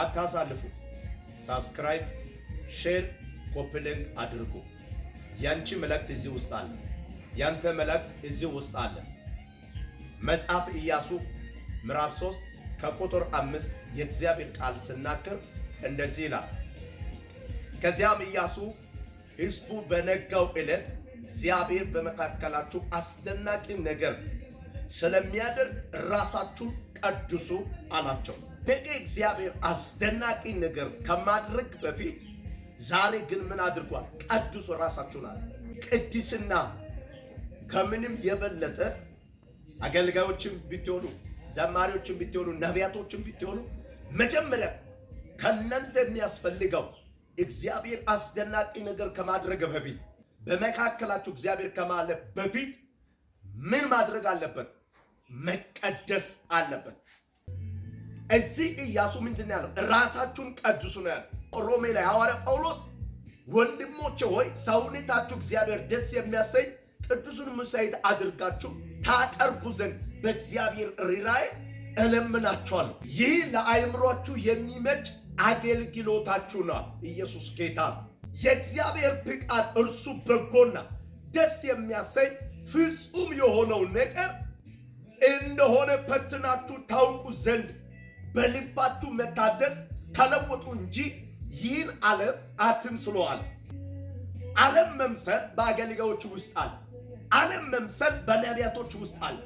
አታሳልፉ። ሳብስክራይብ፣ ሼር፣ ኮፕሊንግ አድርጉ። ያንቺ መልእክት እዚህ ውስጥ አለ። ያንተ መልእክት እዚህ ውስጥ አለ። መጽሐፍ ኢያሱ ምዕራፍ 3 ከቁጥር አምስት የእግዚአብሔር ቃል ስናክር እንደዚህ ይላል። ከዚያም ኢያሱ ሕዝቡ በነጋው ዕለት እግዚአብሔር በመካከላችሁ አስደናቂ ነገር ስለሚያደርግ ራሳችሁን ቀድሱ አላቸው። ነገ እግዚአብሔር አስደናቂ ነገር ከማድረግ በፊት ዛሬ ግን ምን አድርጓል? ቀድሶ ራሳችሁን አለ። ቅድስና ከምንም የበለጠ አገልጋዮችን ብትሆኑ፣ ዘማሪዎችን ብትሆኑ፣ ነቢያቶችን ብትሆኑ መጀመሪያ ከእናንተ የሚያስፈልገው እግዚአብሔር አስደናቂ ነገር ከማድረግ በፊት በመካከላችሁ እግዚአብሔር ከማለፍ በፊት ምን ማድረግ አለበት? መቀደስ አለበት። እዚህ እያሱ ምንድን ነው ያለው? ራሳችሁን ቀድሱ ነው ያለው። ሮሜ ላይ ሐዋርያ ጳውሎስ ወንድሞቼ ሆይ ሰውነታችሁ እግዚአብሔር ደስ የሚያሰኝ ቅዱሱን መሥዋዕት አድርጋችሁ ታቀርቡ ዘንድ በእግዚአብሔር ርኅራኄ እለምናችኋለሁ። ይህ ለአእምሯችሁ የሚመች አገልግሎታችሁ ነው። ኢየሱስ ጌታ ነው። የእግዚአብሔር ፍቃድ እርሱ በጎና ደስ የሚያሰኝ ፍጹም የሆነው ነገር እንደሆነ ፈትናችሁ ታውቁ ዘንድ በልባችሁ መታደስ ተለወጡ እንጂ ይህን ዓለም አትምሰሉ አለ። ዓለም መምሰል በአገልጋዮች ውስጥ አለ። ዓለም መምሰል በነቢያቶች ውስጥ አለ።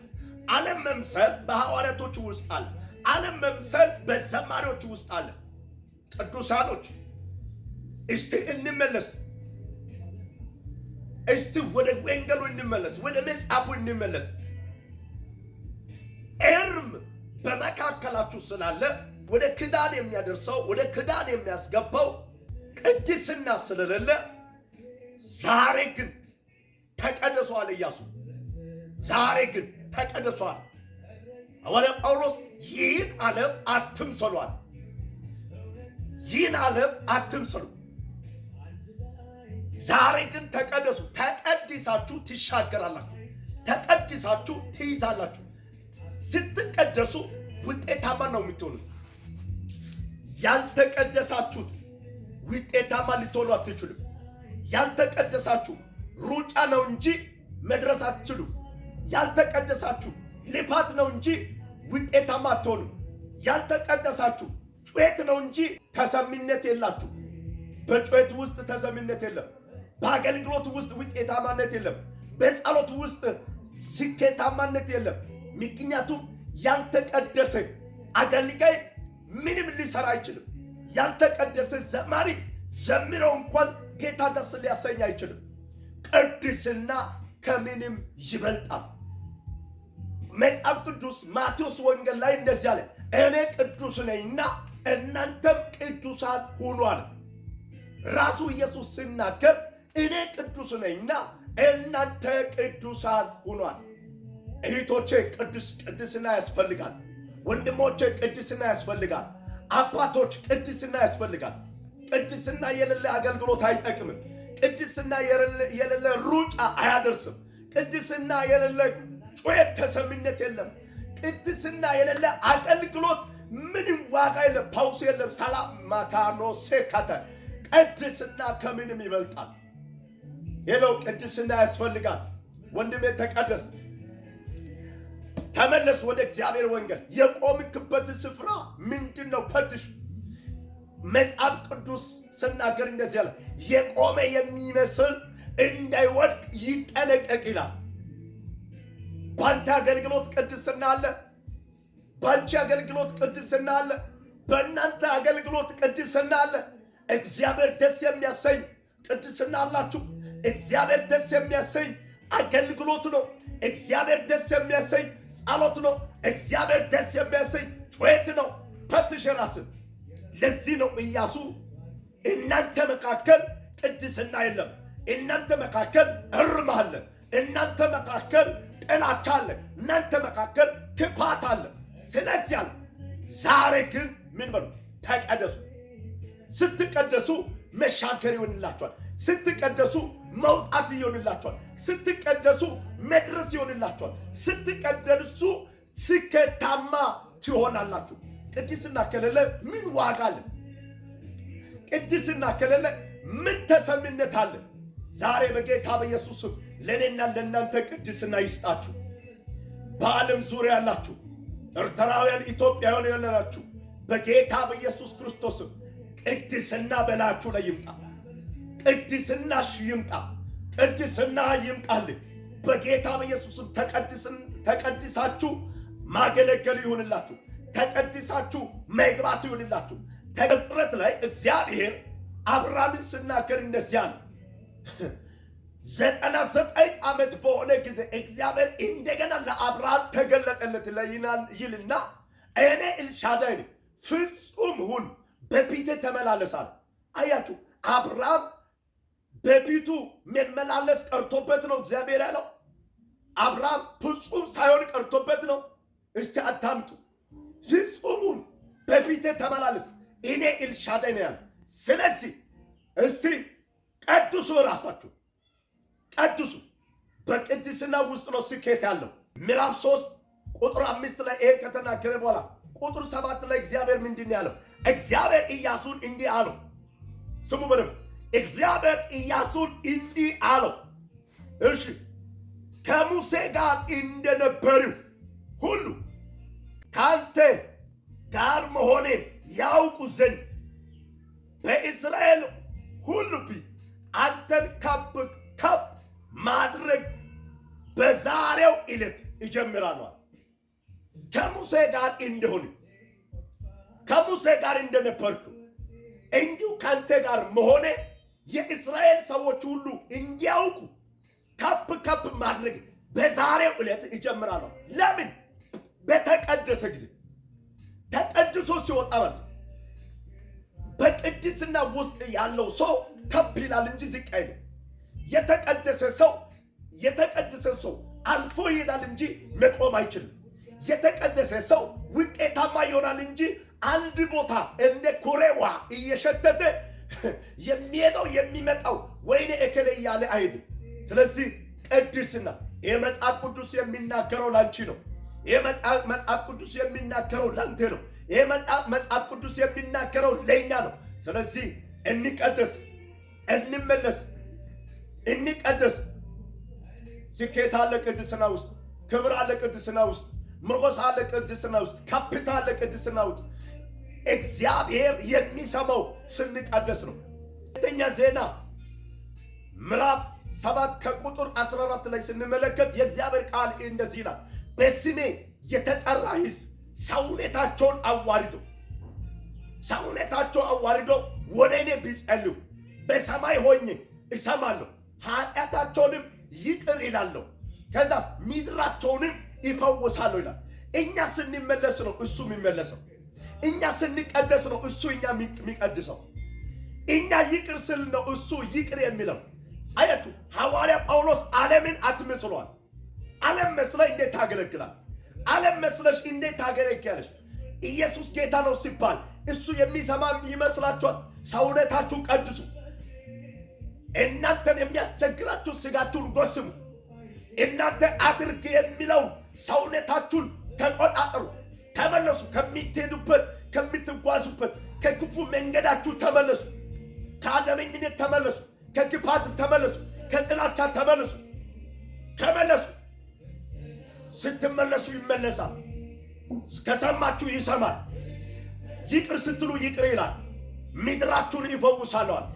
ዓለም መምሰል በሐዋርያቶች ውስጥ አለ። ዓለም መምሰል በዘማሪዎች ውስጥ አለ። ቅዱሳኖች እስቲ እንመለስ። እስቲ ወደ ወንጌሉ እንመለስ። ወደ መጽሐፉ እንመለስ። ኤርም በመካከላችሁ ስላለ ወደ ክዳን የሚያደርሰው ወደ ክዳን የሚያስገባው ቅድስና ስለሌለ፣ ዛሬ ግን ተቀደሷል። እያሱ ዛሬ ግን ተቀደሷል። ሐዋርያ ጳውሎስ ይህን ዓለም አትምሰሏል። ይህን ዓለም አትምሰሉ። ዛሬ ግን ተቀደሱ። ተቀድሳችሁ ትሻገራላችሁ። ተቀድሳችሁ ትይዛላችሁ። ስትቀደሱ ውጤታማ ነው የምትሆኑ። ያልተቀደሳችሁት ውጤታማ ልትሆኑ አትችሉም። ያልተቀደሳችሁ ሩጫ ነው እንጂ መድረስ አትችሉም። ያልተቀደሳችሁ ልፋት ነው እንጂ ውጤታማ አትሆኑ። ያልተቀደሳችሁ ጩኸት ነው እንጂ ተሰሚነት የላችሁ። በጩኸት ውስጥ ተሰሚነት የለም። በአገልግሎት ውስጥ ውጤታማነት የለም። በጸሎት ውስጥ ስኬታማነት የለም። ምክንያቱም ያልተቀደሰ አገልጋይ ምንም ሊሰራ አይችልም። ያልተቀደሰ ዘማሪ ዘምረው እንኳን ጌታ ደስ ሊያሰኝ አይችልም። ቅድስና ከምንም ይበልጣል። መጽሐፍ ቅዱስ ማቴዎስ ወንጌል ላይ እንደዚህ አለ፣ እኔ ቅዱስ ነኝና እናንተም ቅዱሳን ሁኑ አለ። ራሱ ኢየሱስ ሲናገር እኔ ቅዱስ ነኝና እናንተ ቅዱሳን ሁኗል። እህቶቼ ቅዱስ ቅድስና ያስፈልጋል። ወንድሞቼ ቅድስና ያስፈልጋል። አባቶች ቅድስና ያስፈልጋል። ቅድስና የሌለ አገልግሎት አይጠቅምም። ቅድስና የሌለ ሩጫ አያደርስም። ቅድስና የሌለ ጩኸት ተሰሚነት የለም። ቅድስና የሌለ አገልግሎት ምንም ዋጋ የለም፣ ፓውስ የለም። ሰላም ማታኖ ሴካተ ቅድስና ከምንም ይበልጣል። ሄሎ ቅድስና ያስፈልጋል። ወንድሜ ተቀደስ። ተመለስ ወደ እግዚአብሔር ወንጌል። የቆምክበት ስፍራ ምንድን ነው? ፈትሽ። መጽሐፍ ቅዱስ ስናገር እንደዚህ ያለ የቆመ የሚመስል እንዳይወድቅ ይጠነቀቅ ይላል። በአንተ አገልግሎት ቅድስና አለ። ባንቺ አገልግሎት ቅድስና አለ። በእናንተ አገልግሎት ቅድስና አለ። እግዚአብሔር ደስ የሚያሰኝ ቅድስና አላችሁ። እግዚአብሔር ደስ የሚያሰኝ አገልግሎት ነው። እግዚአብሔር ደስ የሚያሰኝ ጸሎት ነው። እግዚአብሔር ደስ የሚያሰኝ ጩኸት ነው። ፈትሽ ራስን። ለዚህ ነው እያሱ እናንተ መካከል ቅድስና የለም፣ እናንተ መካከል እርም አለ፣ እናንተ መካከል ጥላቻ አለ፣ እናንተ መካከል ክፋት አለ። ስለዚህ አለ ዛሬ ግን ምን በሉ ተቀደሱ። ስትቀደሱ መሻገር ይሆንላችኋል። ስትቀደሱ መውጣት ይሆንላቸዋል። ስትቀደሱ መድረስ ይሆንላቸዋል። ስትቀደሱ ስኬታማ ትሆናላችሁ። ቅድስና ከሌለ ምን ዋጋ አለ? ቅድስና ከሌለ ምን ተሰሚነት አለ? ዛሬ በጌታ በኢየሱስም ለእኔና ለእናንተ ቅድስና ይስጣችሁ። በዓለም ዙሪያ ያላችሁ ኤርትራውያን፣ ኢትዮጵያውያን ያላችሁ በጌታ በኢየሱስ ክርስቶስም ቅድስና በላችሁ ላይ ይምጣ። ቅድስናሽ ይምጣ፣ ቅድስና ይምጣል። በጌታ በኢየሱስም ተቀድሳችሁ ማገለገል ይሆንላችሁ ተቀድሳችሁ መግባት ይሆንላችሁ ተጥረት ላይ እግዚአብሔር አብርሃምን ስናገር እንደዚያ ነው። ዘጠና ዘጠኝ ዓመት በሆነ ጊዜ እግዚአብሔር እንደገና ለአብርሃም ተገለጠለት ይልና እኔ ኤልሻዳይ ፍጹም ሁን፣ በፊት ተመላለሳል። አያችሁ አብርሃም በፊቱ መመላለስ ቀርቶበት ነው እግዚአብሔር ያለው። አብርሃም ፍጹም ሳይሆን ቀርቶበት ነው። እስቲ አታምጡ ፍጹሙን በፊት ተመላለስ፣ እኔ ኤልሻዳይ ነው ያለው። ስለዚህ እስቲ ቀድሱ፣ ራሳችሁ ቀድሱ። በቅድስና ውስጥ ነው ስኬት ያለው። ምዕራፍ ሶስት ቁጥር አምስት ላይ ይሄ ከተናገረ በኋላ ቁጥር ሰባት ላይ እግዚአብሔር ምንድን ያለው? እግዚአብሔር ኢያሱን እንዲህ አለው። ስሙ በደምብ እግዚአብሔር ኢያሱን እንዲህ አለው፣ እሺ ከሙሴ ጋር እንደነበሪው ሁሉ ካንተ ጋር መሆኔን ያውቁ ዘንድ በእስራኤል ሁሉ ፊት አንተን ከፍ ከፍ ማድረግ በዛሬው ዕለት ይጀምራለዋል። ከሙሴ ጋር እንደሆነ ከሙሴ ጋር እንደነበርኩ እንዲሁ ካንተ ጋር መሆኔ የእስራኤል ሰዎች ሁሉ እንዲያውቁ ከፕ ከፕ ማድረግ በዛሬው ዕለት እጀምራለሁ። ለምን? በተቀደሰ ጊዜ ተቀድሶ ሲወጣ ማለት በቅድስና ውስጥ ያለው ሰው ከፕ ይላል እንጂ ዝቅ አይልም። የተቀደሰ ሰው የተቀደሰ ሰው አልፎ ይሄዳል እንጂ መቆም አይችልም። የተቀደሰ ሰው ውጤታማ ይሆናል እንጂ አንድ ቦታ እንደ ኮሬዋ እየሸተተ የሚሄደው የሚመጣው ወይኔ እከሌ እያለ አይሄድም። ስለዚህ ቅድስና ይህ መጽሐፍ ቅዱስ የሚናገረው ላንቺ ነው። ይህ መጽሐፍ ቅዱስ የሚናገረው ላንቴ ነው። ይህ መጽሐፍ ቅዱስ የሚናገረው ለእኛ ነው። ስለዚህ እንቀደስ፣ እንመለስ፣ እንቀደስ። ስኬት አለ ቅድስና ውስጥ፣ ክብር አለ ቅድስና ውስጥ፣ ሞገስ አለ ቅድስና ውስጥ፣ ከፍታ አለ ቅድስና ውስጥ እግዚአብሔር የሚሰማው ስንቀደስ ነው። ሁለተኛ ዜና ምዕራፍ ሰባት ከቁጥር 14 ላይ ስንመለከት የእግዚአብሔር ቃል እንደዚህ ይላል፣ በስሜ የተጠራ ሕዝብ ሰውነታቸውን አዋርዶ ሰውነታቸው አዋርደው ወደ እኔ ቢጸልዩ በሰማይ ሆኜ እሰማለሁ፣ ኃጢአታቸውንም ይቅር ይላለሁ፣ ከዛስ ምድራቸውንም ይፈውሳለሁ ይላል። እኛ ስንመለስ ነው እሱ የሚመለሰው። እኛ ስንቀደስ ነው እሱ እኛ የሚቀድሰው። እኛ ይቅር ስል ነው እሱ ይቅር የሚለው። አያችሁ፣ ሐዋርያ ጳውሎስ ዓለምን አትመስሏል። ዓለም መስለሽ እንዴት ታገለግላል? ዓለም መስለሽ እንዴት ታገለግያለሽ? ኢየሱስ ጌታ ነው ሲባል እሱ የሚሰማ ይመስላችኋል? ሰውነታችሁ ቀድሱ። እናንተን የሚያስቸግራችሁ ስጋችሁን ጎስሙ። እናንተ አድርግ የሚለው ሰውነታችሁን ተቆጣጠሩ። ተመለሱ። ከሚትሄዱበት ከምትጓዙበት ከክፉ መንገዳችሁ ተመለሱ። ከአደመኝነት ተመለሱ። ከክፋት ተመለሱ። ከጥላቻ ተመለሱ። ተመለሱ። ስትመለሱ ይመለሳል። ከሰማችሁ ይሰማል። ይቅር ስትሉ ይቅር ይላል። ምድራችሁን ይፈውሳለዋል።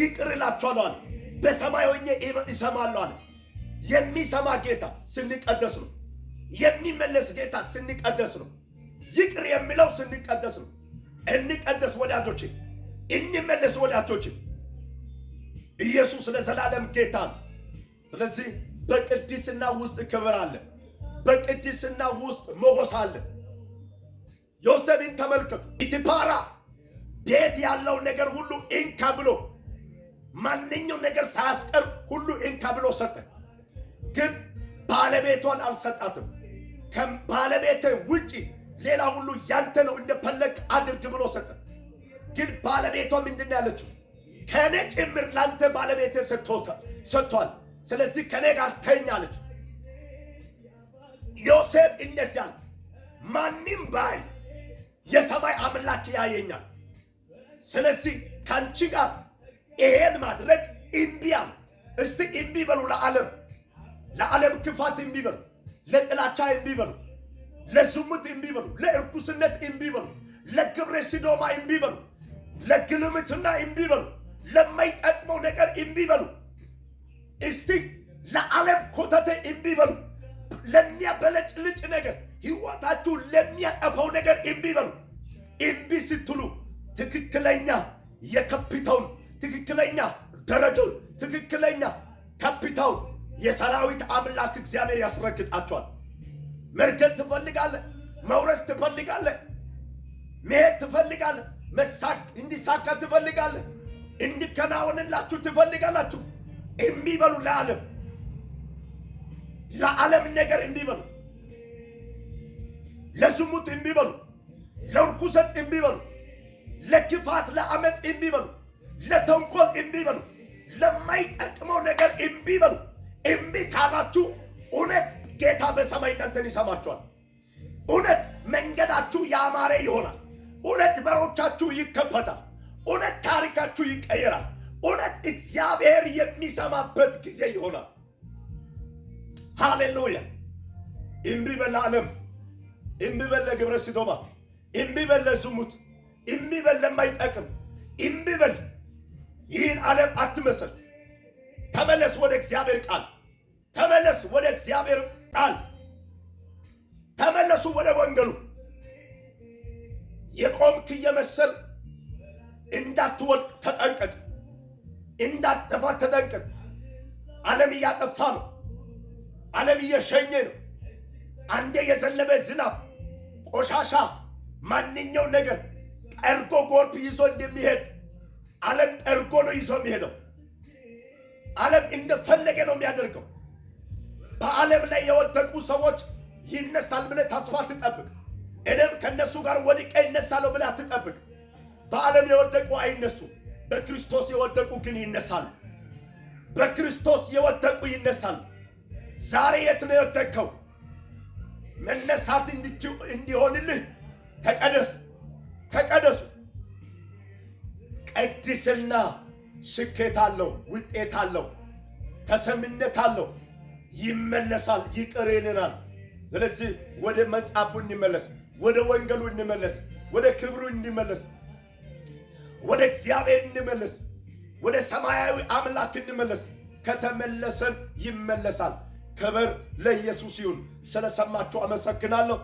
ይቅር ይላችኋለዋል። በሰማይ ሆኜ ይሰማለዋል። የሚሰማ ጌታ ስንቀደስ ነው። የሚመለስ ጌታ ስንቀደስ ነው። ይቅር የሚለው ስንቀደስ ነው። እንቀደስ ወዳጆች፣ እንመለስ ወዳጆች። ኢየሱስ ለዘላለም ጌታ ነው። ስለዚህ በቅድስና ውስጥ ክብር አለ። በቅድስና ውስጥ መሆስ አለ። ዮሴፍን ተመልከቱ። ኢትፓራ ቤት ያለው ነገር ሁሉ እንካ ብሎ ማንኛው ነገር ሳያስቀር ሁሉ እንካ ብሎ ሰጠ። ግን ባለቤቷን አልሰጣትም። ከባለቤቴ ውጪ ሌላ ሁሉ ያንተ ነው እንደፈለግ አድርግ ብሎ ሰጠ። ግን ባለቤቷ ምንድን ያለችው? ከእኔ ጭምር ለአንተ ባለቤት ሰጥቷል፣ ስለዚህ ከእኔ ጋር ተኛ አለች። ዮሴፍ እንደዚያል ማንም ባይ የሰማይ አምላክ ያየኛል፣ ስለዚህ ከአንቺ ጋር ይሄን ማድረግ እምቢ እስቲ እምቢ በሉ፣ ለዓለም ለዓለም ክፋት እምቢ በሉ፣ ለጥላቻ እምቢ በሉ ለዝሙት እምቢ በሉ፣ ለእርኩስነት እምቢ በሉ፣ ለግብረ ሲዶማ እምቢ በሉ፣ ለግልምትና እምቢ በሉ፣ ለማይጠቅመው ነገር እምቢ በሉ። እስቲ ለዓለም ኮተተ እምቢ በሉ። ለሚያበለጭልጭ ነገር ህይወታችሁ ለሚያጠፋው ነገር እምቢ በሉ። እምቢ ስትሉ ትክክለኛ የከፍታውን ትክክለኛ ደረጃውን ትክክለኛ ከፍታውን የሰራዊት አምላክ እግዚአብሔር ያስረግጣቸዋል። መርገጥ ትፈልጋለህ፣ መውረስ ትፈልጋለህ፣ መሄድ ትፈልጋለህ፣ እንዲሳካ ትፈልጋለህ፣ እንዲከናወንላችሁ ትፈልጋላችሁ። እምቢ በሉ ለዓለም ለዓለም ነገር እምቢ በሉ፣ ለዝሙት እምቢ በሉ፣ ለርኩሰት እምቢ በሉ፣ ለክፋት ለአመፅ እምቢ በሉ፣ ለተንኮል እምቢ በሉ፣ ለማይጠቅመው ነገር እምቢ በሉ። እምቢ ካላችሁ ጌታ በሰማይ እናንተን ይሰማችኋል። እውነት መንገዳችሁ ያማረ ይሆናል። እውነት በሮቻችሁ ይከፈታል። እውነት ታሪካችሁ ይቀየራል። እውነት እግዚአብሔር የሚሰማበት ጊዜ ይሆናል። ሃሌሉያ። እምቢ በል ለዓለም፣ እምቢ በል ለግብረ ሰዶም፣ እምቢ በል ለዝሙት፣ እምቢ በል ለማይጠቅም፣ እምቢ በል ይህን ዓለም አትመስል። ተመለስ ወደ እግዚአብሔር ቃል፣ ተመለስ ወደ እግዚአብሔር ቃል ተመለሱ ወደ ወንጌሉ። የቆምክ እየመሰል እንዳትወድቅ ተጠንቀቅ፣ እንዳትጠፋ ተጠንቀቅ። ዓለም እያጠፋ ነው። ዓለም እየሸኘ ነው። አንዴ የዘለበ ዝናብ፣ ቆሻሻ፣ ማንኛው ነገር ጠርጎ ጎርፍ ይዞ እንደሚሄድ ዓለም ጠርጎ ነው ይዞ የሚሄደው። ዓለም እንደፈለገ ነው የሚያደርገው። በዓለም ላይ የወደቁ ሰዎች ይነሳል ብለህ ተስፋ ትጠብቅ እኔም ከእነሱ ጋር ወድቄ ይነሳለሁ ብለህ አትጠብቅ። በዓለም የወደቁ አይነሱ በክርስቶስ የወደቁ ግን ይነሳሉ። በክርስቶስ የወደቁ ይነሳሉ። ዛሬ የት ነው የወደቅከው? መነሳት እንዲሆንልህ ተቀደስ፣ ተቀደሱ። ቅድስና ስኬት አለው፣ ውጤት አለው፣ ተሰሚነት አለው። ይመለሳል፣ ይቅር ይለናል። ስለዚህ ወደ መጽሐፉ እንመለስ፣ ወደ ወንጌሉ እንመለስ፣ ወደ ክብሩ እንመለስ፣ ወደ እግዚአብሔር እንመለስ፣ ወደ ሰማያዊ አምላክ እንመለስ። ከተመለሰን ይመለሳል። ክብር ለኢየሱስ ይሁን። ስለሰማችሁ አመሰግናለሁ።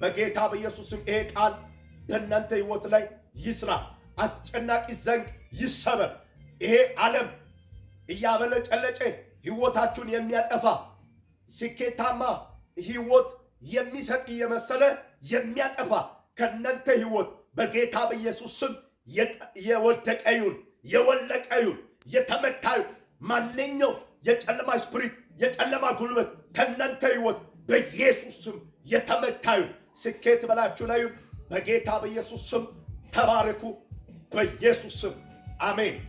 በጌታ በኢየሱስም ይሄ ቃል በእናንተ ሕይወት ላይ ይስራ። አስጨናቂ ዘንግ ይሰበር። ይሄ ዓለም እያበለጨለጨ ሕይወታችሁን የሚያጠፋ ስኬታማ ህይወት የሚሰጥ እየመሰለ የሚያጠፋ ከእናንተ ህይወት በጌታ በኢየሱስ ስም የወደቀዩን የወለቀዩን የተመታዩ ማንኛው የጨለማ ስፕሪት የጨለማ ጉልበት ከእናንተ ህይወት በኢየሱስ ስም የተመታዩ ስኬት በላችሁ ላይ በጌታ በኢየሱስ ስም ተባረኩ። በኢየሱስ ስም አሜን።